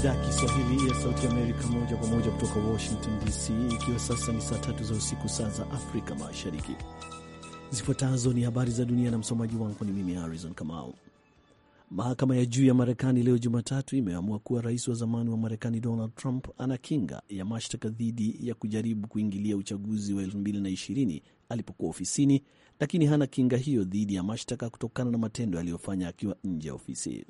idhaa Kiswahili ya Sauti Amerika moja kwa moja kutoka Washington DC, ikiwa sasa ni saa tatu za usiku, saa za Afrika Mashariki. Zifuatazo ni habari za dunia na msomaji wangu ni mimi Harrison Kamau. Mahakama ya juu ya Marekani leo Jumatatu imeamua kuwa rais wa zamani wa Marekani Donald Trump ana kinga ya mashtaka dhidi ya kujaribu kuingilia uchaguzi wa 2020 alipokuwa ofisini, lakini hana kinga hiyo dhidi ya mashtaka kutokana na matendo aliyofanya akiwa nje ya ofisi.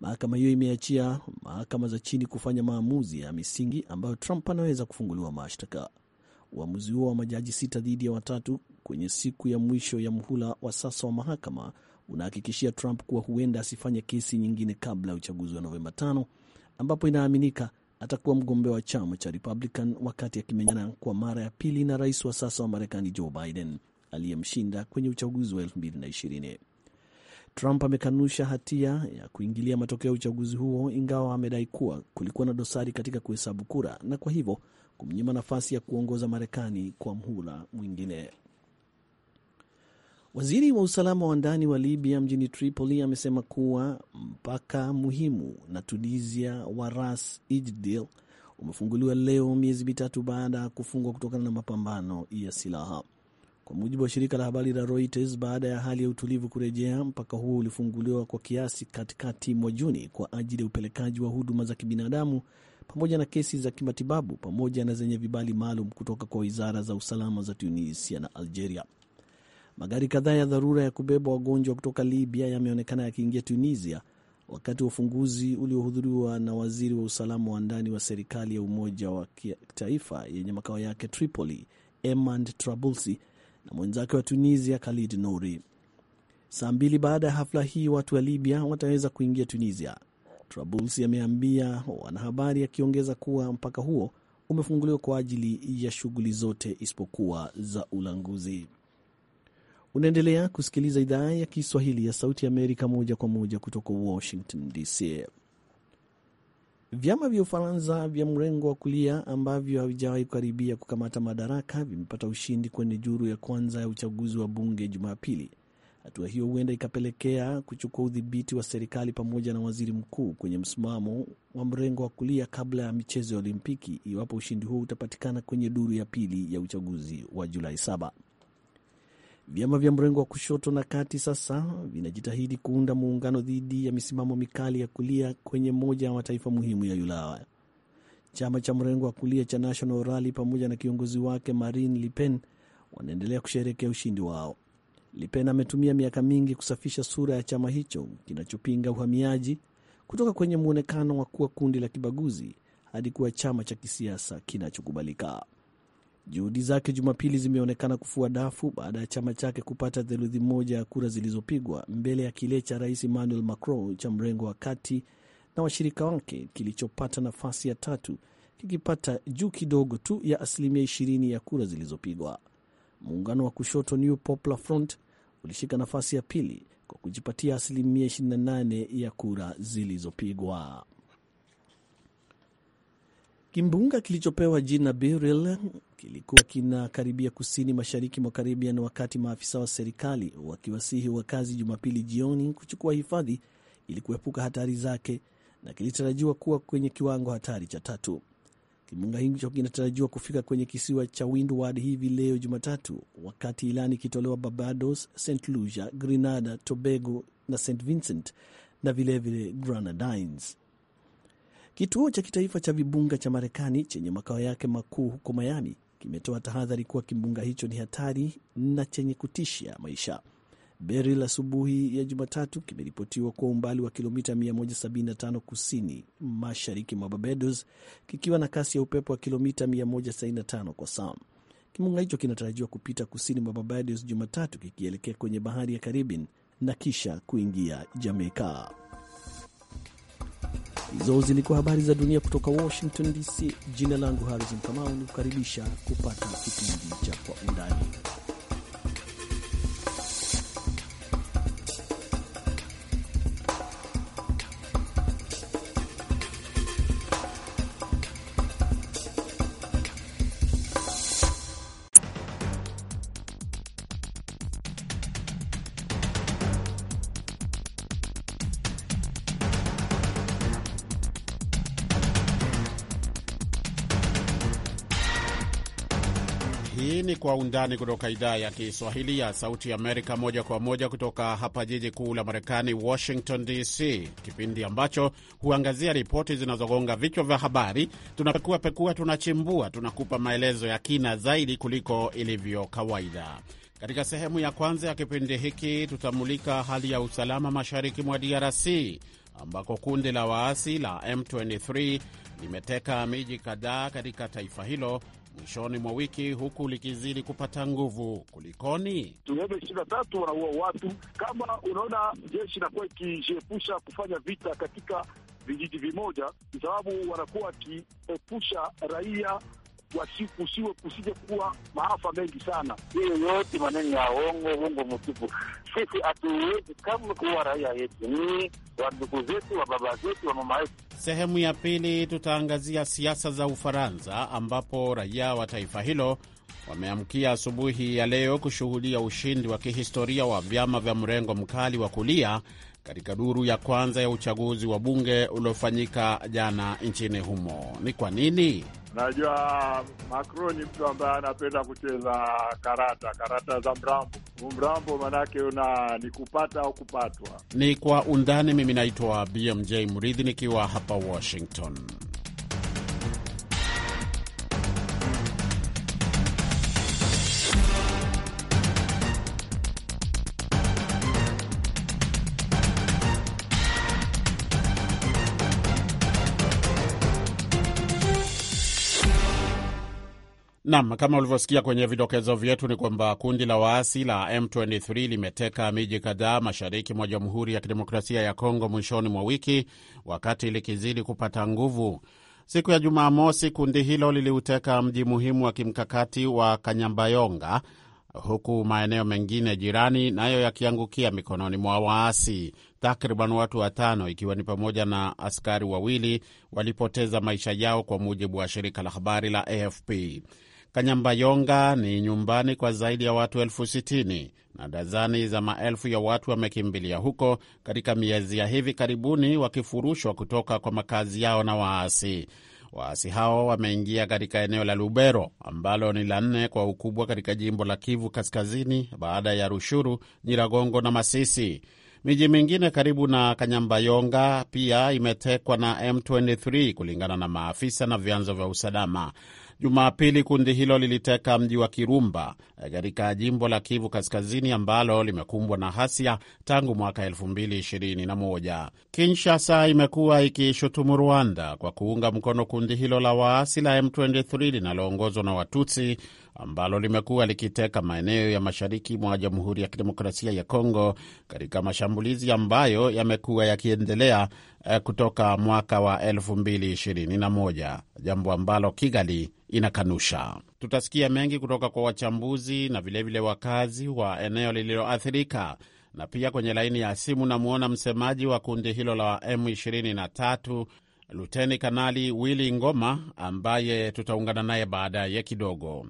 Mahakama hiyo imeachia mahakama za chini kufanya maamuzi ya misingi ambayo Trump anaweza kufunguliwa mashtaka. Uamuzi huo wa majaji sita dhidi ya watatu kwenye siku ya mwisho ya mhula wa sasa wa mahakama unahakikishia Trump kuwa huenda asifanye kesi nyingine kabla ya uchaguzi wa Novemba a ambapo inaaminika atakuwa mgombea wa chama cha Republican wakati akimenyana kwa mara ya pili na rais wa sasa wa Marekani Joe Biden aliyemshinda kwenye uchaguzi wa 2020. Trump amekanusha hatia ya kuingilia matokeo ya uchaguzi huo, ingawa amedai kuwa kulikuwa na dosari katika kuhesabu kura na kwa hivyo kumnyima nafasi ya kuongoza Marekani kwa mhula mwingine. Waziri wa usalama wa ndani wa Libya mjini Tripoli amesema kuwa mpaka muhimu na Tunisia wa Ras Idil umefunguliwa leo, miezi mitatu baada ya kufungwa kutokana na mapambano ya silaha kwa mujibu wa shirika la habari la Reuters. Baada ya hali ya utulivu kurejea, mpaka huo ulifunguliwa kwa kiasi katikati mwa Juni kwa ajili ya upelekaji wa huduma za kibinadamu pamoja na kesi za kimatibabu pamoja na zenye vibali maalum kutoka kwa wizara za usalama za Tunisia na Algeria. Magari kadhaa ya dharura ya kubeba wagonjwa kutoka Libya yameonekana yakiingia Tunisia wakati wa ufunguzi uliohudhuriwa na waziri wa usalama wa ndani wa serikali ya umoja wa kitaifa yenye makao yake Tripoli, Emand Trabulsi, na mwenzake wa Tunisia Khalid Nuri. Saa mbili baada ya hafla hii, watu wa Libya wataweza kuingia Tunisia, Trabulsi ameambia wanahabari, akiongeza kuwa mpaka huo umefunguliwa kwa ajili ya shughuli zote isipokuwa za ulanguzi. Unaendelea kusikiliza idhaa ya Kiswahili ya Sauti ya Amerika moja kwa moja kutoka Washington DC. Vyama vya Ufaransa vya mrengo wa kulia ambavyo havijawahi kukaribia kukamata madaraka vimepata ushindi kwenye duru ya kwanza ya uchaguzi wa bunge Jumapili. Hatua hiyo huenda ikapelekea kuchukua udhibiti wa serikali pamoja na waziri mkuu kwenye msimamo wa mrengo wa kulia kabla ya michezo ya Olimpiki, iwapo ushindi huo utapatikana kwenye duru ya pili ya uchaguzi wa Julai saba. Vyama vya mrengo wa kushoto na kati sasa vinajitahidi kuunda muungano dhidi ya misimamo mikali ya kulia kwenye moja ya mataifa muhimu ya Ulaya. Chama cha mrengo wa kulia cha National Rally pamoja na kiongozi wake Marine Le Pen wanaendelea kusherehekea ushindi wao. Le Pen ametumia miaka mingi kusafisha sura ya chama hicho kinachopinga uhamiaji kutoka kwenye mwonekano wa kuwa kundi la kibaguzi hadi kuwa chama cha kisiasa kinachokubalika. Juhudi zake Jumapili zimeonekana kufua dafu baada ya chama chake kupata theluthi moja ya kura zilizopigwa mbele ya kile cha rais Emmanuel Macron cha mrengo wa kati na washirika wake kilichopata nafasi ya tatu kikipata juu kidogo tu ya asilimia ishirini ya kura zilizopigwa. Muungano wa kushoto New Popular Front ulishika nafasi ya pili kwa kujipatia asilimia 28 ya kura zilizopigwa. Kimbunga kilichopewa jina Beryl kilikuwa kinakaribia kusini mashariki mwa Caribbean wakati maafisa wa serikali wakiwasihi wakazi Jumapili jioni kuchukua hifadhi ili kuepuka hatari zake na kilitarajiwa kuwa kwenye kiwango hatari cha tatu. Kimbunga hicho kinatarajiwa kufika kwenye kisiwa cha Windward hivi leo Jumatatu, wakati ilani ikitolewa Barbados, St Lucia, Grenada, Tobago na St Vincent na vilevile Grenadines. Kituo cha kitaifa cha vibunga cha Marekani chenye makao yake makuu huko Miami kimetoa tahadhari kuwa kimbunga hicho ni hatari na chenye kutishia maisha. Beryl asubuhi ya Jumatatu kimeripotiwa kwa umbali wa kilomita 175 kusini mashariki mwa Barbados kikiwa na kasi ya upepo wa kilomita 195 kwa saa. Kimbunga hicho kinatarajiwa kupita kusini mwa Barbados Jumatatu kikielekea kwenye bahari ya Karibin na kisha kuingia Jamaica. Hizo zilikuwa habari za dunia kutoka Washington DC. Jina langu Harrison Kamau, ni kukaribisha kupata kipindi cha Kwa Undani. Kwa Undani kutoka idhaa ya Kiswahili ya Sauti Amerika, moja kwa moja kutoka hapa jiji kuu la Marekani, Washington DC, kipindi ambacho huangazia ripoti zinazogonga vichwa vya habari. pekua tunachimbua, tunakupa maelezo ya kina zaidi kuliko ilivyo kawaida. Katika sehemu ya kwanza ya kipindi hiki tutamulika hali ya usalama mashariki mwa DRC ambako kundi la waasi la M23 limeteka miji kadhaa katika taifa hilo mwishoni mwa wiki, huku likizidi kupata nguvu. Kulikoni? Tuombe ishirini na tatu wanaua watu. Kama unaona jeshi inakuwa ikijiepusha kufanya vita katika vijiji vimoja, kwa sababu wanakuwa wakiepusha raia wasikusiwe kusije kuwa maafa mengi sana. Hiyo yote maneno ya ongo, ongo mtupu. Sisi hatuwezi kama kuwa raia yetu, ni wandugu zetu, wa baba zetu, wa mama yetu. Sehemu ya pili tutaangazia siasa za Ufaransa ambapo raia wa taifa hilo wameamkia asubuhi ya leo kushuhudia ushindi wa kihistoria wa vyama vya mrengo mkali wa kulia katika duru ya kwanza ya uchaguzi wa bunge uliofanyika jana nchini humo. Ni kwa nini? Najua Macron ni mtu ambaye anapenda kucheza karata, karata za mrambo. Mrambo manake una ni kupata au kupatwa. Ni kwa undani. Mimi naitwa BMJ Mridhi nikiwa hapa Washington. Nam, kama ulivyosikia kwenye vidokezo vyetu ni kwamba kundi la waasi la M23 limeteka miji kadhaa mashariki mwa Jamhuri ya Kidemokrasia ya Kongo mwishoni mwa wiki, wakati likizidi kupata nguvu. Siku ya Jumamosi, kundi hilo liliuteka mji muhimu wa kimkakati wa Kanyambayonga, huku maeneo mengine jirani nayo yakiangukia mikononi mwa waasi. Takriban watu watano ikiwa ni pamoja na askari wawili walipoteza maisha yao, kwa mujibu wa shirika la habari la AFP. Kanyambayonga ni nyumbani kwa zaidi ya watu elfu sitini na dazani za maelfu ya watu wamekimbilia huko katika miezi ya hivi karibuni, wakifurushwa kutoka kwa makazi yao na waasi. Waasi hao wameingia katika eneo la Lubero ambalo ni la nne kwa ukubwa katika jimbo la Kivu Kaskazini baada ya Rushuru, Nyiragongo na Masisi. Miji mingine karibu na Kanyambayonga pia imetekwa na M23 kulingana na maafisa na vyanzo vya usalama. Jumapili kundi hilo liliteka mji wa Kirumba eh, katika jimbo la Kivu Kaskazini ambalo limekumbwa na hasia tangu mwaka 2021. Kinshasa imekuwa ikishutumu Rwanda kwa kuunga mkono kundi hilo la waasi la M23 linaloongozwa na Watutsi ambalo limekuwa likiteka maeneo ya mashariki mwa Jamhuri ya Kidemokrasia ya Kongo katika mashambulizi ambayo yamekuwa yakiendelea eh, kutoka mwaka wa 2021, jambo ambalo Kigali inakanusha. Tutasikia mengi kutoka kwa wachambuzi na vilevile wakazi wa eneo lililoathirika na pia kwenye laini ya simu namwona msemaji wa kundi hilo la M23 Luteni Kanali Willy Ngoma ambaye tutaungana naye baadaye kidogo.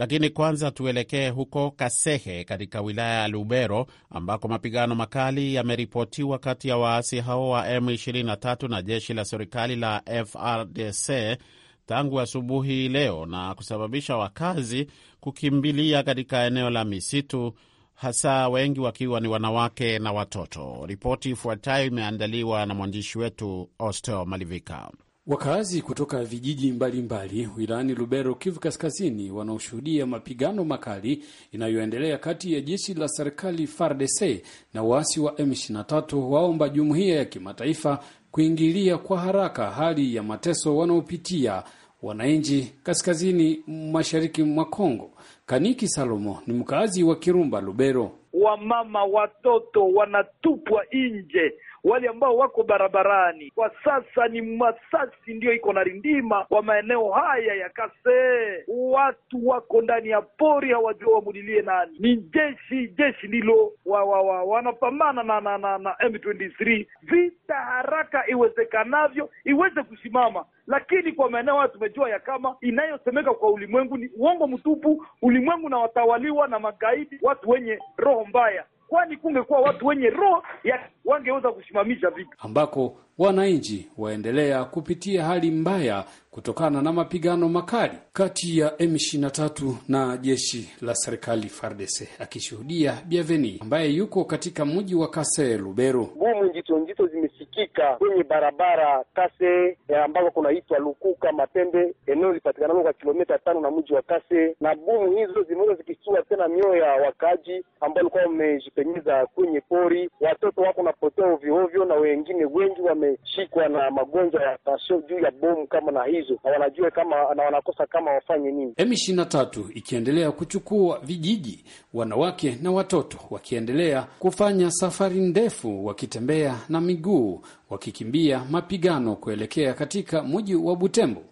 Lakini kwanza tuelekee huko Kasehe katika wilaya ya Lubero ambako mapigano makali yameripotiwa kati ya waasi hao wa M23 na jeshi la serikali la FRDC tangu asubuhi leo na kusababisha wakazi kukimbilia katika eneo la misitu, hasa wengi wakiwa ni wanawake na watoto. Ripoti ifuatayo imeandaliwa na mwandishi wetu Ostel Malivika. Wakazi kutoka vijiji mbalimbali wilayani Lubero, Kivu Kaskazini, wanaoshuhudia mapigano makali inayoendelea kati ya jeshi la serikali FARDC na waasi wa M23 waomba jumuiya ya kimataifa kuingilia kwa haraka hali ya mateso wanaopitia wananchi kaskazini mashariki mwa Kongo. Kaniki Salomo ni mkazi wa Kirumba, Lubero. Wamama watoto wanatupwa nje wale ambao wako barabarani kwa sasa. Ni Masasi ndiyo iko na rindima kwa maeneo haya ya Kasee, watu wako ndani ya pori, hawajua wamudilie nani. Ni jeshi, jeshi ndilo wa, wa, wa, wanapambana na, na, na, na M23. Vita haraka iwezekanavyo iweze kusimama, lakini kwa maeneo haya tumejua ya kama inayosemeka kwa ulimwengu ni uongo mtupu. Ulimwengu na watawaliwa na magaidi, watu wenye roho mbaya kwani kungekuwa watu wenye roho ya wangeweza kusimamisha vitu ambako wananchi waendelea kupitia hali mbaya kutokana na mapigano makali kati ya M23 na jeshi la serikali FARDC, akishuhudia biaveni ambaye yuko katika mji wa Kase Lubero. Bumu njito njito zimesikika kwenye barabara Kase eh, ambako kunaitwa Lukuka Mapembe, eneo lipatikana kwa kilomita tano na mji wa Kase, na bumu hizo zimeweza zikisua tena mioyo ya wakaaji ambao walikuwa wamejipenyeza kwenye pori. Watoto wako napotea ovyo ovyo na wengine wengi wame wameshikwa na magonjwa ya pasio juu ya bomu kama na hizo, na wanajua kama na wanakosa kama wafanye nini. M23 ikiendelea kuchukua vijiji, wanawake na watoto wakiendelea kufanya safari ndefu, wakitembea na miguu, wakikimbia mapigano kuelekea katika mji wa Butembo,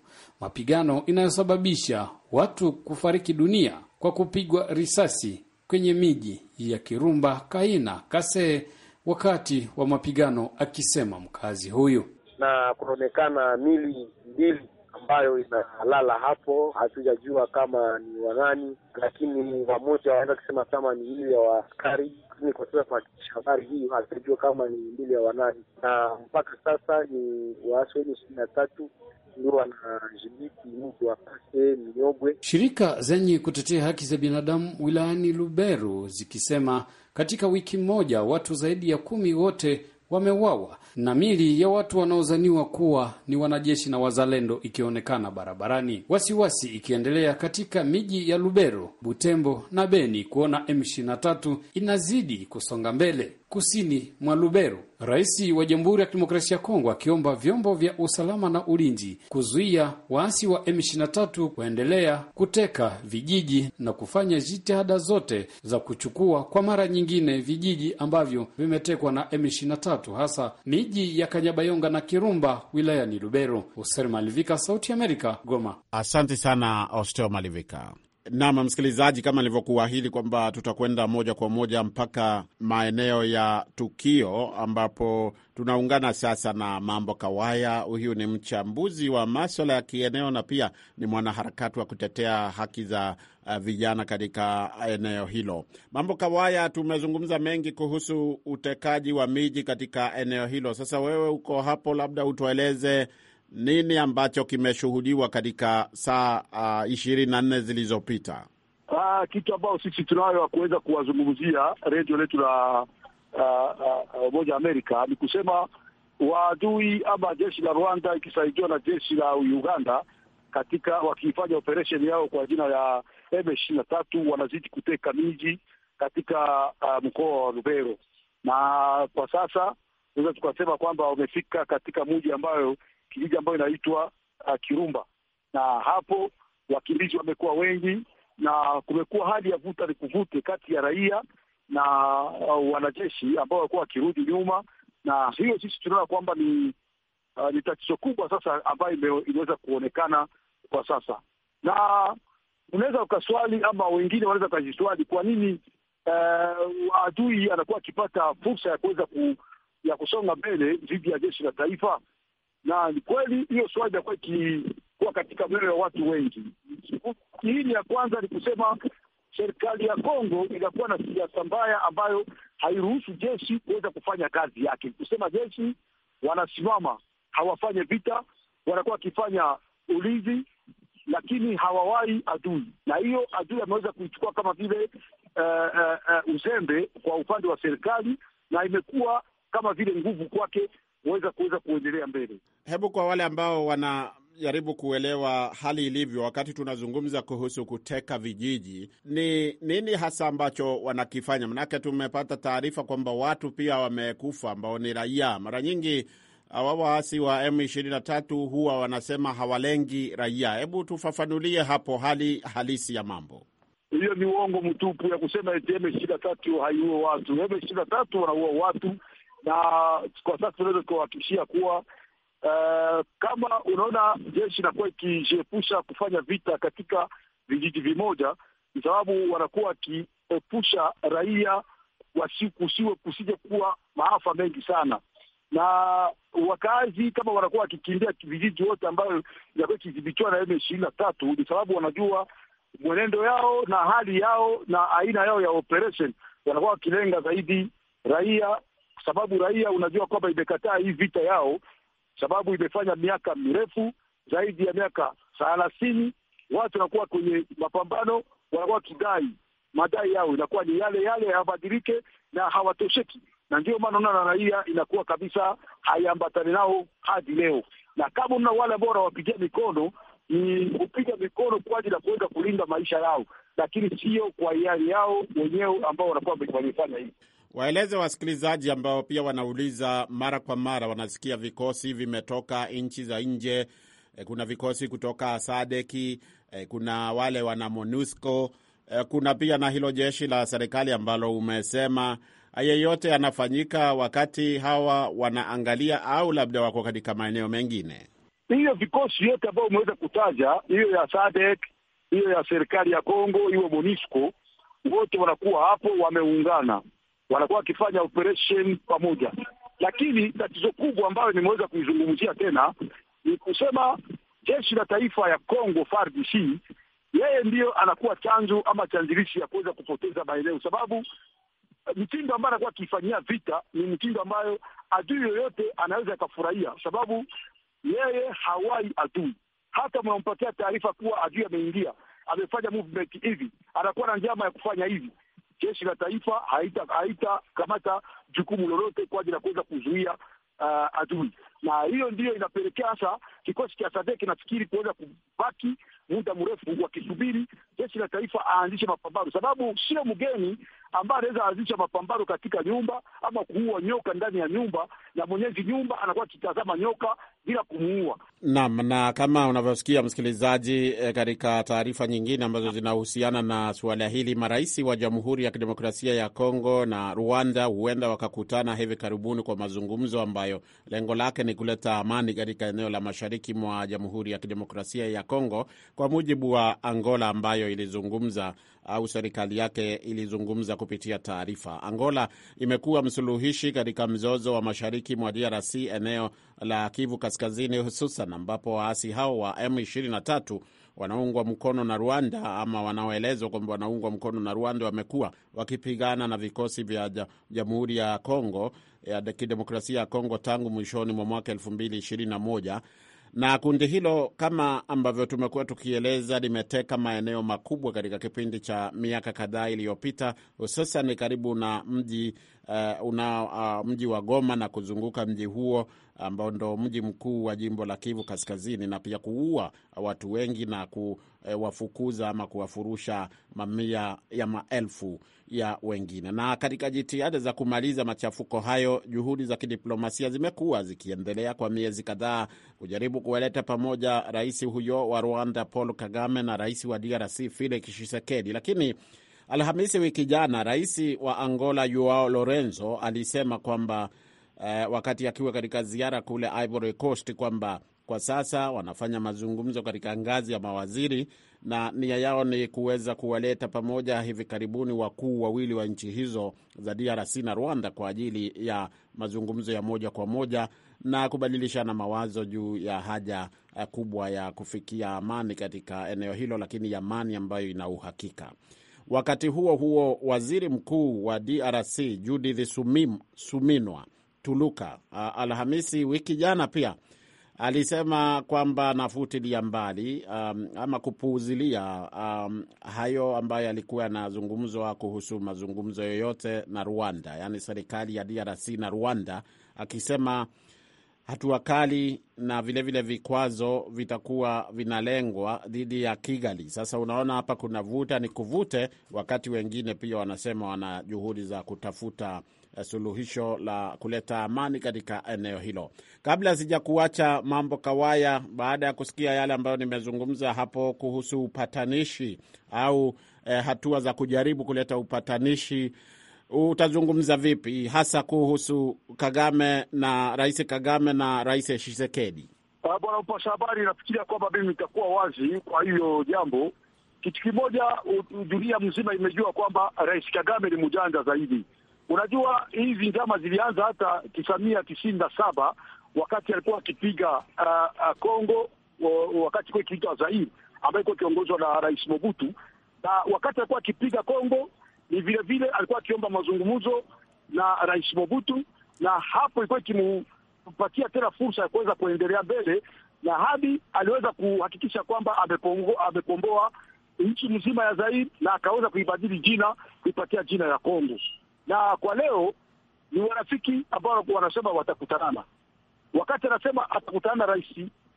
mapigano inayosababisha watu kufariki dunia kwa kupigwa risasi kwenye miji ya Kirumba, Kaina, Kasee wakati wa mapigano, akisema mkazi huyu. Na kunaonekana mili mbili ambayo inalala hapo, hatujajua kama ni wanani, lakini wamoja wanaweza kusema kama ni mili ya waaskari, lakini kwa sasa kuhakikisha habari hii, hatujajua kama ni mbili ya wanani, na mpaka sasa ni waasi wenye ishirini na tatu wakiwa na jibiti mji wa Kase Miogwe. Shirika zenye kutetea haki za binadamu wilayani Lubero zikisema katika wiki moja watu zaidi ya kumi wote wameuawa na mili ya watu wanaozaniwa kuwa ni wanajeshi na wazalendo ikionekana barabarani. Wasiwasi wasi ikiendelea katika miji ya Lubero, Butembo na Beni kuona M23 inazidi kusonga mbele kusini mwa Lubero. Rais wa Jamhuri ya Kidemokrasia ya Kongo akiomba vyombo vya usalama na ulinzi kuzuia waasi wa M23 kuendelea kuteka vijiji na kufanya jitihada zote za kuchukua kwa mara nyingine vijiji ambavyo vimetekwa na M23, hasa miji ya Kanyabayonga na Kirumba wilayani Lubero. Hoser Malivika, Sauti ya Amerika, Goma. Asante sana Osteo Malivika. Nam msikilizaji, kama nilivyokuahidi kwamba tutakwenda moja kwa moja mpaka maeneo ya tukio, ambapo tunaungana sasa na Mambo Kawaya. Huyu ni mchambuzi wa maswala ya kieneo na pia ni mwanaharakati wa kutetea haki za uh, vijana katika eneo hilo. Mambo Kawaya, tumezungumza mengi kuhusu utekaji wa miji katika eneo hilo. Sasa wewe uko hapo, labda utueleze nini ambacho kimeshuhudiwa katika saa uh, ishirini na nne zilizopita? Uh, kitu ambayo sisi tunayo ya kuweza kuwazungumzia redio letu la uh, uh, Umoja wa Amerika ni kusema waadui ama jeshi la Rwanda ikisaidiwa na jeshi la Uganda katika wakifanya operesheni yao kwa jina ya M ishirini na tatu wanazidi kuteka miji katika uh, mkoa wa Rubero, na kwa sasa tunaweza tukasema kwamba wamefika katika mji ambayo kijiji ambayo inaitwa uh, Kirumba, na hapo wakimbizi wamekuwa wengi na kumekuwa hali ya vuta ni kuvute kati ya raia na uh, wanajeshi ambao walikuwa wakirudi nyuma, na hiyo sisi tunaona kwamba ni uh, ni tatizo kubwa sasa ambayo imeweza kuonekana kwa sasa, na unaweza ukaswali ama wengine wanaweza ukajiswali kwa nini uh, adui anakuwa akipata fursa ya kuweza ku, ya kusonga mbele dhidi ya jeshi la taifa na ni kweli hiyo swali itakuwa ikikuwa katika mioyo ya watu wengi. Hili ya kwanza ni kusema serikali ya Kongo inakuwa na siasa mbaya ambayo hairuhusu jeshi kuweza kufanya kazi yake, kusema jeshi wanasimama hawafanye vita, wanakuwa wakifanya ulinzi lakini hawawai adui, na hiyo adui ameweza kuichukua kama vile uh, uh, uh, uzembe kwa upande wa serikali, na imekuwa kama vile nguvu kwake kuweza kuweza kuendelea mbele. Hebu kwa wale ambao wana jaribu kuelewa hali ilivyo, wakati tunazungumza kuhusu kuteka vijiji, ni nini hasa ambacho wanakifanya? Manake tumepata taarifa kwamba watu pia wamekufa ambao ni raia. Mara nyingi hawa uh, waasi wa M23 huwa wanasema hawalengi raia. Hebu tufafanulie hapo hali halisi ya mambo. Hiyo ni uongo mtupu ya kusema eti M23 haiue watu. M23 wanaua watu na kwa sasa tunaweza tukawahakikishia kuwa uh, kama unaona jeshi inakuwa ikijiepusha kufanya vita katika vijiji vimoja, ni sababu wanakuwa wakiepusha raia wasikusiwe kusije kuwa maafa mengi sana, na wakazi kama wanakuwa wakikimbia vijiji wote ambayo inakuwa ikidhibitiwa na M ishirini na tatu, ni sababu wanajua mwenendo yao na hali yao na aina yao ya operation, wanakuwa wakilenga zaidi raia sababu raia unajua kwamba imekataa hii vita yao, sababu imefanya miaka mirefu zaidi ya miaka thelathini watu wanakuwa kwenye mapambano, wanakuwa wakidai madai yao inakuwa ni yale yale, hayabadilike na hawatosheki, na ndio maana unaona raia inakuwa kabisa haiambatani nao hadi leo. Na kama una wale ambao wanawapigia mikono, ni kupiga mikono kwa ajili ya kuweza kulinda maisha yao, lakini sio kwa hiari yao wenyewe ambao wanakuwa wamefanya hivi. Waeleze wasikilizaji ambao pia wanauliza mara kwa mara, wanasikia vikosi vimetoka nchi za nje. Eh, kuna vikosi kutoka Sadeki, eh, kuna wale wana MONUSCO, eh, kuna pia na hilo jeshi la serikali ambalo umesema. Ah, yeyote anafanyika yanafanyika wakati hawa wanaangalia, au labda wako katika maeneo mengine. Hiyo vikosi yote ambayo umeweza kutaja, hiyo ya Sadek, hiyo ya serikali ya Kongo, hiyo MONUSCO, wote wanakuwa hapo wameungana wanakuwa wakifanya operation pamoja, lakini tatizo kubwa ambayo nimeweza kuizungumzia tena ni kusema jeshi la taifa ya Congo FARDC, yeye ndiyo anakuwa chanzo ama chanzilishi ya kuweza kupoteza maeneo, sababu eh, mtindo ambayo anakuwa akiifanyia vita ni mtindo ambayo adui yoyote anaweza akafurahia, sababu yeye hawai adui. Hata mnampatia taarifa kuwa adui ameingia, amefanya movement hivi, anakuwa na njama ya kufanya hivi jeshi la taifa haitakamata haita jukumu lolote kwa ajili ya kuweza kuzuia uh, adui, na hiyo ndiyo inapelekea hasa kikosi cha SADC kinafikiri kuweza kubaki muda mrefu wakisubiri jeshi la taifa aanzishe mapambano, sababu sio mgeni ambaye anaweza aanzisha mapambano katika nyumba ama kuua nyoka ndani ya nyumba, na mwenyezi nyumba anakuwa akitazama nyoka bila kumuua. Naam, na kama unavyosikia msikilizaji, e, katika taarifa nyingine ambazo zinahusiana na suala hili, marais wa Jamhuri ya Kidemokrasia ya Kongo na Rwanda huenda wakakutana hivi karibuni kwa mazungumzo ambayo lengo lake ni kuleta amani katika eneo la mashariki mwa Jamhuri ya Kidemokrasia ya Kongo kwa mujibu wa Angola ambayo ilizungumza au serikali yake ilizungumza kupitia taarifa. Angola imekuwa msuluhishi katika mzozo wa mashariki mwa DRC, eneo la Kivu Kaskazini hususan, ambapo waasi hao wa M23 wanaungwa mkono na Rwanda ama wanaoelezwa kwamba wanaungwa mkono na Rwanda wamekuwa wakipigana na vikosi vya Jamhuri ya Kongo ya Kidemokrasia ya Kongo tangu mwishoni mwa mwaka 2021 na kundi hilo kama ambavyo tumekuwa tukieleza limeteka maeneo makubwa katika kipindi cha miaka kadhaa iliyopita, hususan karibu na mji uh, eh, una, uh, ah, mji wa Goma na kuzunguka mji huo ambao ndo mji mkuu wa jimbo la Kivu Kaskazini, na pia kuua watu wengi na kuwafukuza ama kuwafurusha mamia ya maelfu ya wengine. Na katika jitihada za kumaliza machafuko hayo, juhudi za kidiplomasia zimekuwa zikiendelea kwa miezi kadhaa kujaribu kuwaleta pamoja rais huyo wa Rwanda Paul Kagame na rais wa DRC Felix Tshisekedi, lakini Alhamisi wiki jana rais wa Angola Joao Lorenzo alisema kwamba eh, wakati akiwa katika ziara kule Ivory Coast kwamba kwa sasa wanafanya mazungumzo katika ngazi ya mawaziri na nia yao ni kuweza kuwaleta pamoja hivi karibuni wakuu wawili wa nchi hizo za DRC na Rwanda kwa ajili ya mazungumzo ya moja kwa moja na kubadilishana mawazo juu ya haja eh, kubwa ya kufikia amani katika eneo hilo, lakini amani ambayo ina uhakika. Wakati huo huo, waziri mkuu wa DRC Judith Suminwa uh, Alhamisi wiki jana pia alisema kwamba nafutilia mbali um, ama kupuuzilia um, hayo ambayo yalikuwa yanazungumzwa kuhusu mazungumzo yoyote na Rwanda, yaani serikali ya DRC na Rwanda, akisema hatua kali na vilevile vile vikwazo vitakuwa vinalengwa dhidi ya Kigali. Sasa unaona hapa kuna vuta ni kuvute, wakati wengine pia wanasema wana juhudi za kutafuta suluhisho la kuleta amani katika eneo hilo. Kabla sijakuacha mambo kawaya, baada ya kusikia yale ambayo nimezungumza hapo kuhusu upatanishi au e, hatua za kujaribu kuleta upatanishi utazungumza vipi hasa kuhusu Kagame na Rais Kagame na Rais Tshisekedi? Ah, bwana upasha habari, nafikiria kwamba mimi nitakuwa wazi kwa hiyo jambo. Kitu kimoja, dunia mzima imejua kwamba Rais Kagame ni mjanja zaidi Unajua, hizi njama zilianza hata tisamia tisini na saba wakati alikuwa akipiga Kongo uh, uh, wakati kuwa ikiitwa Zaire ambayo ilikuwa ikiongozwa na Rais Mobutu, na wakati alikuwa akipiga Kongo ni vile vile alikuwa akiomba mazungumzo na Rais Mobutu, na hapo ilikuwa ikimpatia tena fursa ya kuweza kuendelea mbele, na hadi aliweza kuhakikisha kwamba amekomboa nchi mzima ya Zaire na akaweza kuibadili jina, kuipatia jina ya Kongo na kwa leo ni warafiki ambao wanasema watakutanana. Wakati anasema atakutana na Rais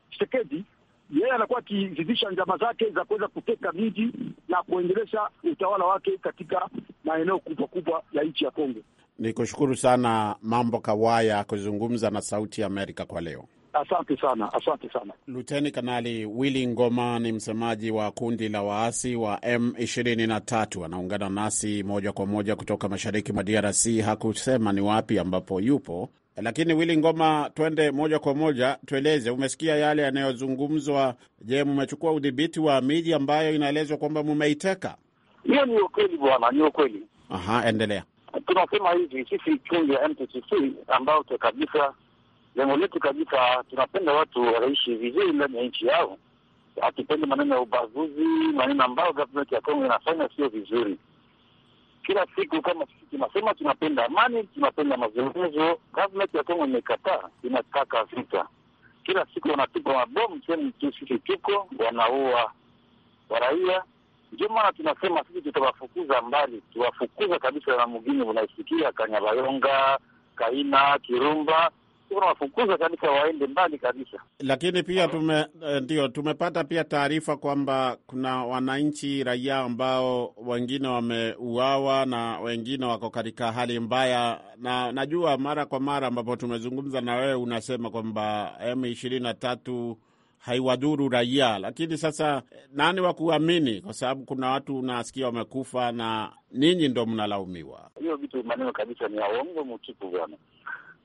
Tshisekedi, yeye anakuwa akizidisha njama zake za kuweza kuteka miji na kuendelesha utawala wake katika maeneo kubwa kubwa ya nchi ya Kongo. Nikushukuru sana Mambo Kawaya kuzungumza na Sauti ya Amerika kwa leo. Asante sana, asante sana. Luteni Kanali Willy Ngoma ni msemaji wa kundi la waasi wa M23, anaungana nasi moja kwa moja kutoka mashariki mwa DRC. Hakusema ni wapi ambapo yupo, lakini Willy Ngoma, twende moja kwa moja, tueleze, umesikia yale yanayozungumzwa. Je, mumechukua udhibiti wa miji ambayo inaelezwa kwamba mumeiteka? Hiyo ni ukweli bwana, ni ukweli. Aha, endelea. Tunasema hivi sisi kundi ya MTCC ambayo kabisa Lengo letu kabisa, tunapenda watu waishi vizuri ndani ya nchi yao. Hatupendi maneno ya ubaguzi, maneno ambayo government ya Kongo inafanya sio vizuri. Kila siku kama sisi tunasema tunapenda amani, tunapenda mazungumzo, government ya Kongo imekataa, inataka vita. Kila siku wanatupa mabomu sehemu tu sisi tuko, wanaua waraia. Ndio maana tunasema sisi tutawafukuza mbali, tuwafukuza kabisa na mgini, Unaisikia Kanyabayonga, Kaina, Kirumba wafukuza kabisa waende mbali kabisa. Lakini pia tume eh, ndio tumepata pia taarifa kwamba kuna wananchi raia ambao wengine wameuawa na wengine wako katika hali mbaya, na najua mara kwa mara ambapo tumezungumza na wewe unasema kwamba M ishirini na tatu haiwadhuru raia, lakini sasa eh, nani wa kuamini? Kwa sababu kuna watu unasikia wamekufa na ninyi ndo mnalaumiwa. Hiyo vitu maneno kabisa ni ya uongo mtupu bwana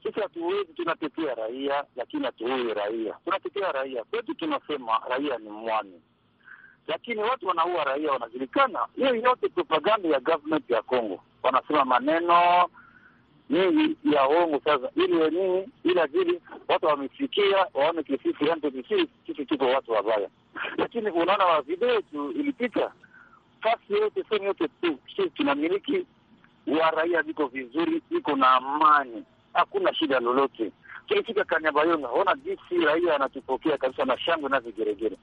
sisi hatuwezi, tunatetea raia lakini hatuui raia. Tunatetea raia kwetu, tunasema raia ni mwani, lakini watu wanaua raia wanajulikana. Hiyo yote propaganda ya government ya Congo, wanasema maneno nyingi ya uongo. Sasa ili wenini ili ajili watu wamefikia waone kisisi, sisi tuko watu wabaya, lakini unaona wa video tu ilipita fasi yote sehemu yote tu, sisi tunamiliki wa raia viko vizuri, iko na amani hakuna shida lolote. Tulifika Kanyabayonga, ona jinsi raia anatupokea kabisa na shangwe na vigeregere.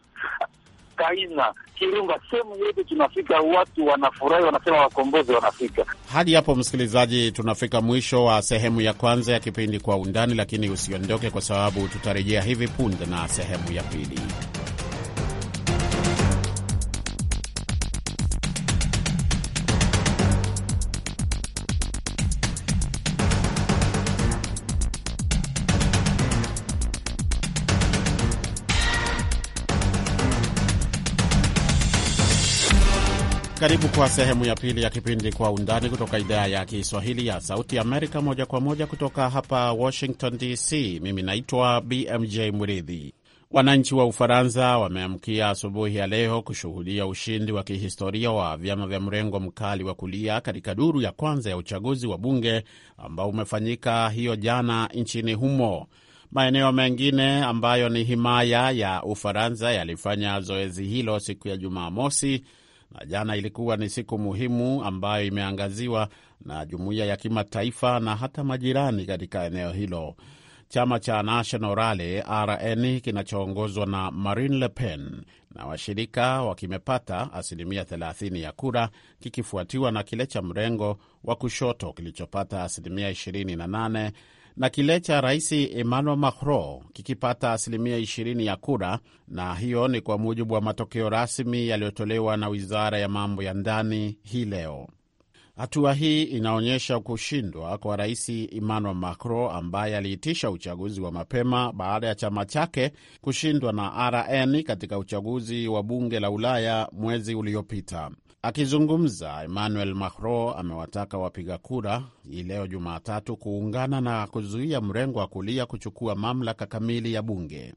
Kaina, Kirunga, sehemu yote tunafika, watu wanafurahi, wanasema wakombozi wanafika. Hadi hapo, msikilizaji, tunafika mwisho wa sehemu ya kwanza ya kipindi Kwa Undani, lakini usiondoke, kwa sababu tutarejea hivi punde na sehemu ya pili. kwa sehemu ya pili ya kipindi Kwa Undani kutoka idhaa ya Kiswahili ya Sauti Amerika, moja kwa moja kutoka hapa Washington DC. Mimi naitwa BMJ Mridhi. Wananchi wa Ufaransa wameamkia asubuhi ya leo kushuhudia ushindi wa kihistoria wa vyama vya mrengo mkali wa kulia katika duru ya kwanza ya uchaguzi wa bunge ambao umefanyika hiyo jana nchini humo. Maeneo mengine ambayo ni himaya ya Ufaransa yalifanya zoezi hilo siku ya Jumamosi na jana ilikuwa ni siku muhimu ambayo imeangaziwa na jumuiya ya kimataifa na hata majirani katika eneo hilo. Chama cha National Rally RN kinachoongozwa na Marine Le Pen na washirika wakimepata asilimia 30 ya kura, kikifuatiwa na kile cha mrengo wa kushoto kilichopata asilimia 28 na kile cha Rais Emmanuel Macron kikipata asilimia 20 ya kura, na hiyo ni kwa mujibu wa matokeo rasmi yaliyotolewa na Wizara ya Mambo ya Ndani hii leo. Hatua hii inaonyesha kushindwa kwa rais Emmanuel Macron ambaye aliitisha uchaguzi wa mapema baada ya chama chake kushindwa na RN katika uchaguzi wa bunge la Ulaya mwezi uliopita. Akizungumza, Emmanuel Macron amewataka wapiga kura hii leo Jumatatu kuungana na kuzuia mrengo wa kulia kuchukua mamlaka kamili ya bunge.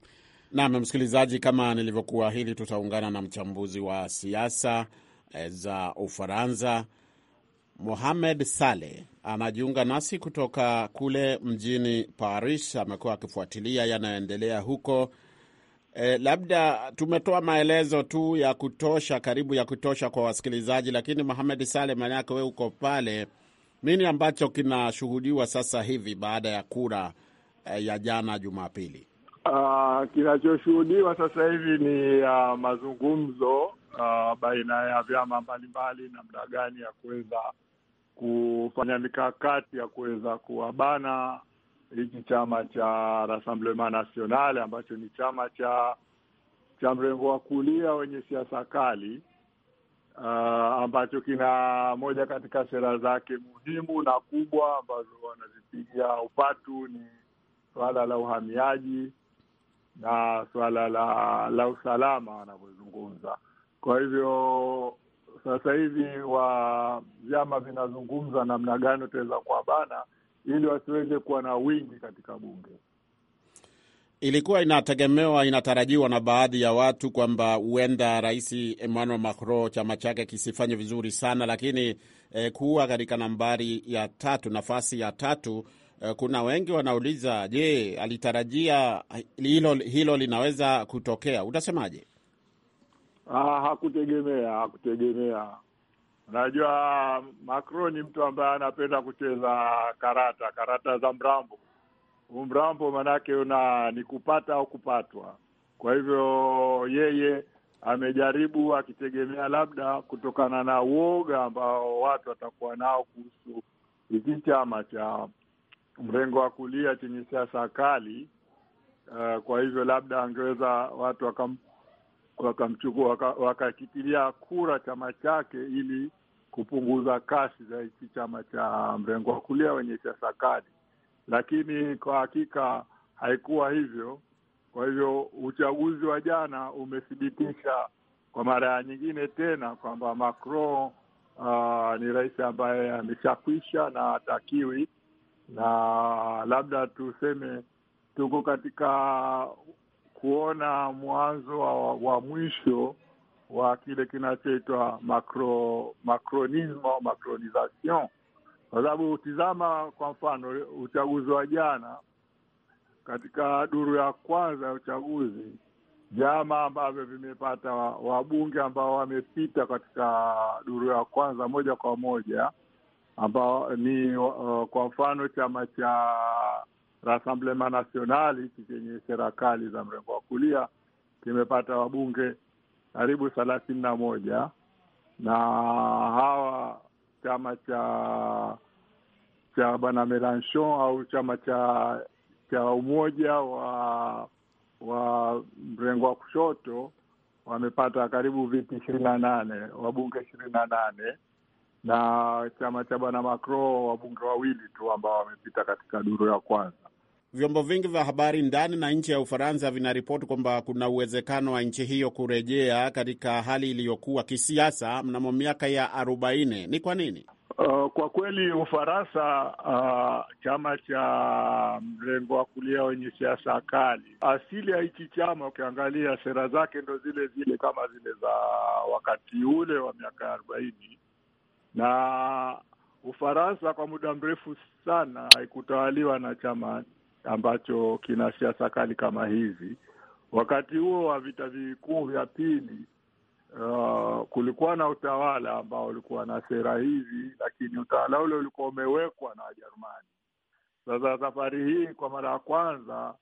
Nam msikilizaji, kama nilivyokuahidi, tutaungana na mchambuzi wa siasa eh, za Ufaransa Mohamed Saleh anajiunga nasi kutoka kule mjini Paris. Amekuwa akifuatilia yanayoendelea huko. E, labda tumetoa maelezo tu ya kutosha, karibu ya kutosha kwa wasikilizaji, lakini Mohamed Saleh, maana yake we uko pale, nini ambacho kinashuhudiwa sasa hivi baada ya kura e, ya jana Jumapili? Uh, kinachoshuhudiwa sasa hivi ni uh, mazungumzo uh, baina ya vyama mbalimbali, namna gani ya kuweza kufanya mikakati ya kuweza kuwabana hiki chama cha Rassemblement National ambacho ni chama cha cha mrengo wa kulia wenye siasa kali uh, ambacho kina moja katika sera zake muhimu na kubwa ambazo wanazipigia upatu ni suala la uhamiaji na suala la la usalama wanavyozungumza. Kwa hivyo sasa hivi wa vyama vinazungumza namna gani utaweza kuwabana ili wasiweze kuwa na wingi katika bunge. Ilikuwa inategemewa inatarajiwa na baadhi ya watu kwamba huenda Rais Emmanuel Macron chama chake kisifanye vizuri sana, lakini eh, kuwa katika nambari ya tatu, nafasi ya tatu eh, kuna wengi wanauliza, je, alitarajia hilo, hilo linaweza kutokea? Utasemaje? Ah, hakutegemea hakutegemea. Unajua, Macron ni mtu ambaye anapenda kucheza karata, karata za mrambo. Umrambo maanake una ni kupata au kupatwa. Kwa hivyo yeye amejaribu akitegemea labda kutokana na uoga ambao watu watakuwa nao kuhusu hiki chama cha mrengo wa kulia chenye siasa kali. Uh, kwa hivyo labda angeweza watu wakam wakamchukua wakakitilia waka kura chama chake ili kupunguza kasi za hichi chama cha mrengo wa kulia wenye siasa kali, lakini kwa hakika haikuwa hivyo. Kwa hivyo uchaguzi wa jana umethibitisha kwa mara ya nyingine tena kwamba Macron uh, ni rais ambaye ameshakwisha na atakiwi na labda tuseme tuko katika kuona mwanzo wa, wa mwisho wa kile kinachoitwa macro, macronismo macronization, kwa sababu utizama kwa mfano uchaguzi wa jana. Katika duru ya kwanza ya uchaguzi, vyama ambavyo vimepata wabunge ambao wamepita katika duru ya kwanza moja kwa moja ambao ni uh, kwa mfano chama cha Rassemblement National hiki chenye serikali za mrengo wa kulia kimepata wabunge karibu thelathini na moja na hawa chama cha cha bwana Melanchon au chama cha cha umoja wa wa mrengo wa kushoto wamepata karibu viti ishirini na nane wabunge ishirini na nane na chama cha bwana Macron wabunge wawili tu ambao wamepita katika duru ya kwanza. Vyombo vingi vya habari ndani na nje ya Ufaransa vinaripoti kwamba kuna uwezekano wa nchi hiyo kurejea katika hali iliyokuwa kisiasa mnamo miaka ya arobaini. Ni kwa nini? Uh, kwa kweli Ufaransa uh, chama cha mrengo wa kulia wenye siasa kali, asili ya hichi chama ukiangalia sera zake ndo zile zile kama zile za wakati ule wa miaka arobaini, na Ufaransa kwa muda mrefu sana haikutawaliwa na chama ambacho kina siasa kali kama hizi. Wakati huo wa vita vikuu vya pili, uh, kulikuwa na utawala ambao ulikuwa na sera hizi, lakini utawala ule ulikuwa umewekwa na Wajerumani. Sasa safari hii kwa mara ya kwanza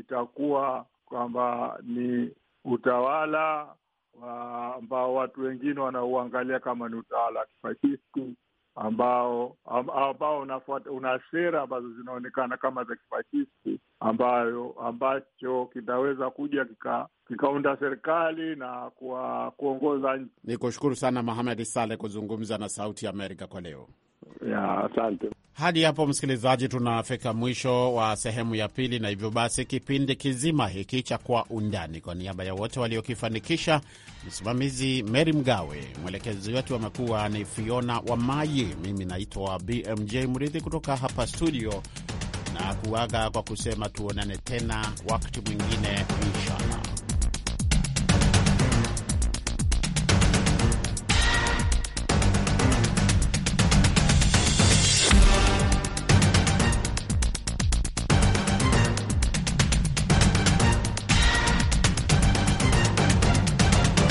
itakuwa kwamba ni utawala uh, ambao watu wengine wanauangalia kama ni utawala wa kifashisti ambao ambao unafuata, una sera ambazo zinaonekana kama za kifashisti, ambayo ambacho kitaweza kuja kika kikaunda serikali na kwa kuongoza nchi. Ni kushukuru sana Mohamed Saleh kuzungumza na Sauti ya Amerika kwa leo ya asante. Hadi hapo msikilizaji, tunafika mwisho wa sehemu ya pili, na hivyo basi kipindi kizima hiki cha Kwa Undani, kwa niaba ya wote waliokifanikisha, msimamizi Meri Mgawe, mwelekezi wetu amekuwa ni Fiona Wamayi, mimi naitwa BMJ Mridhi kutoka hapa studio na kuaga kwa kusema tuonane tena wakati mwingine, inshallah.